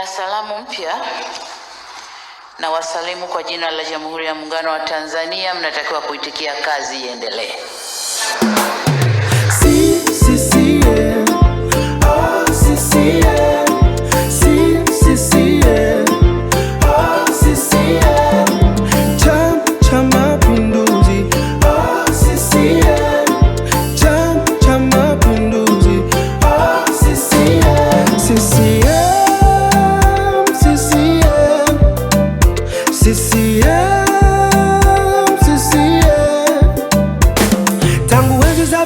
na salamu mpya na wasalimu kwa jina la Jamhuri ya Muungano wa Tanzania. Mnatakiwa kuitikia kazi iendelee.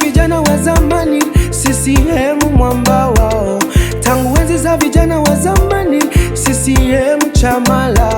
vijana wa zamani, CCM mwamba wao, tangu enzi za vijana wa zamani, CCM chama lao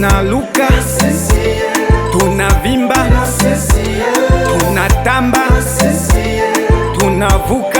tunaluka, tunavimba, tunatamba, tunavuka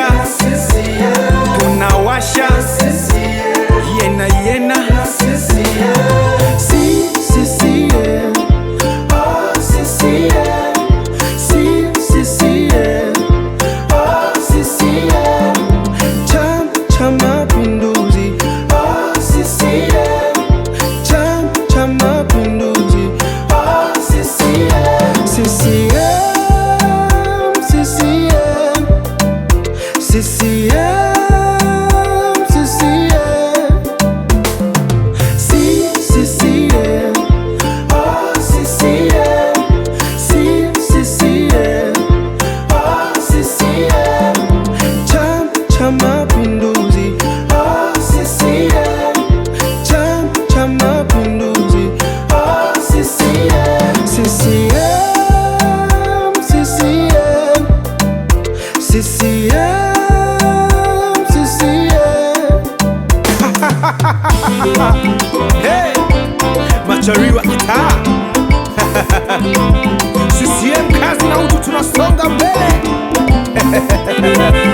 sisiemkazi na utu tunasonga mbele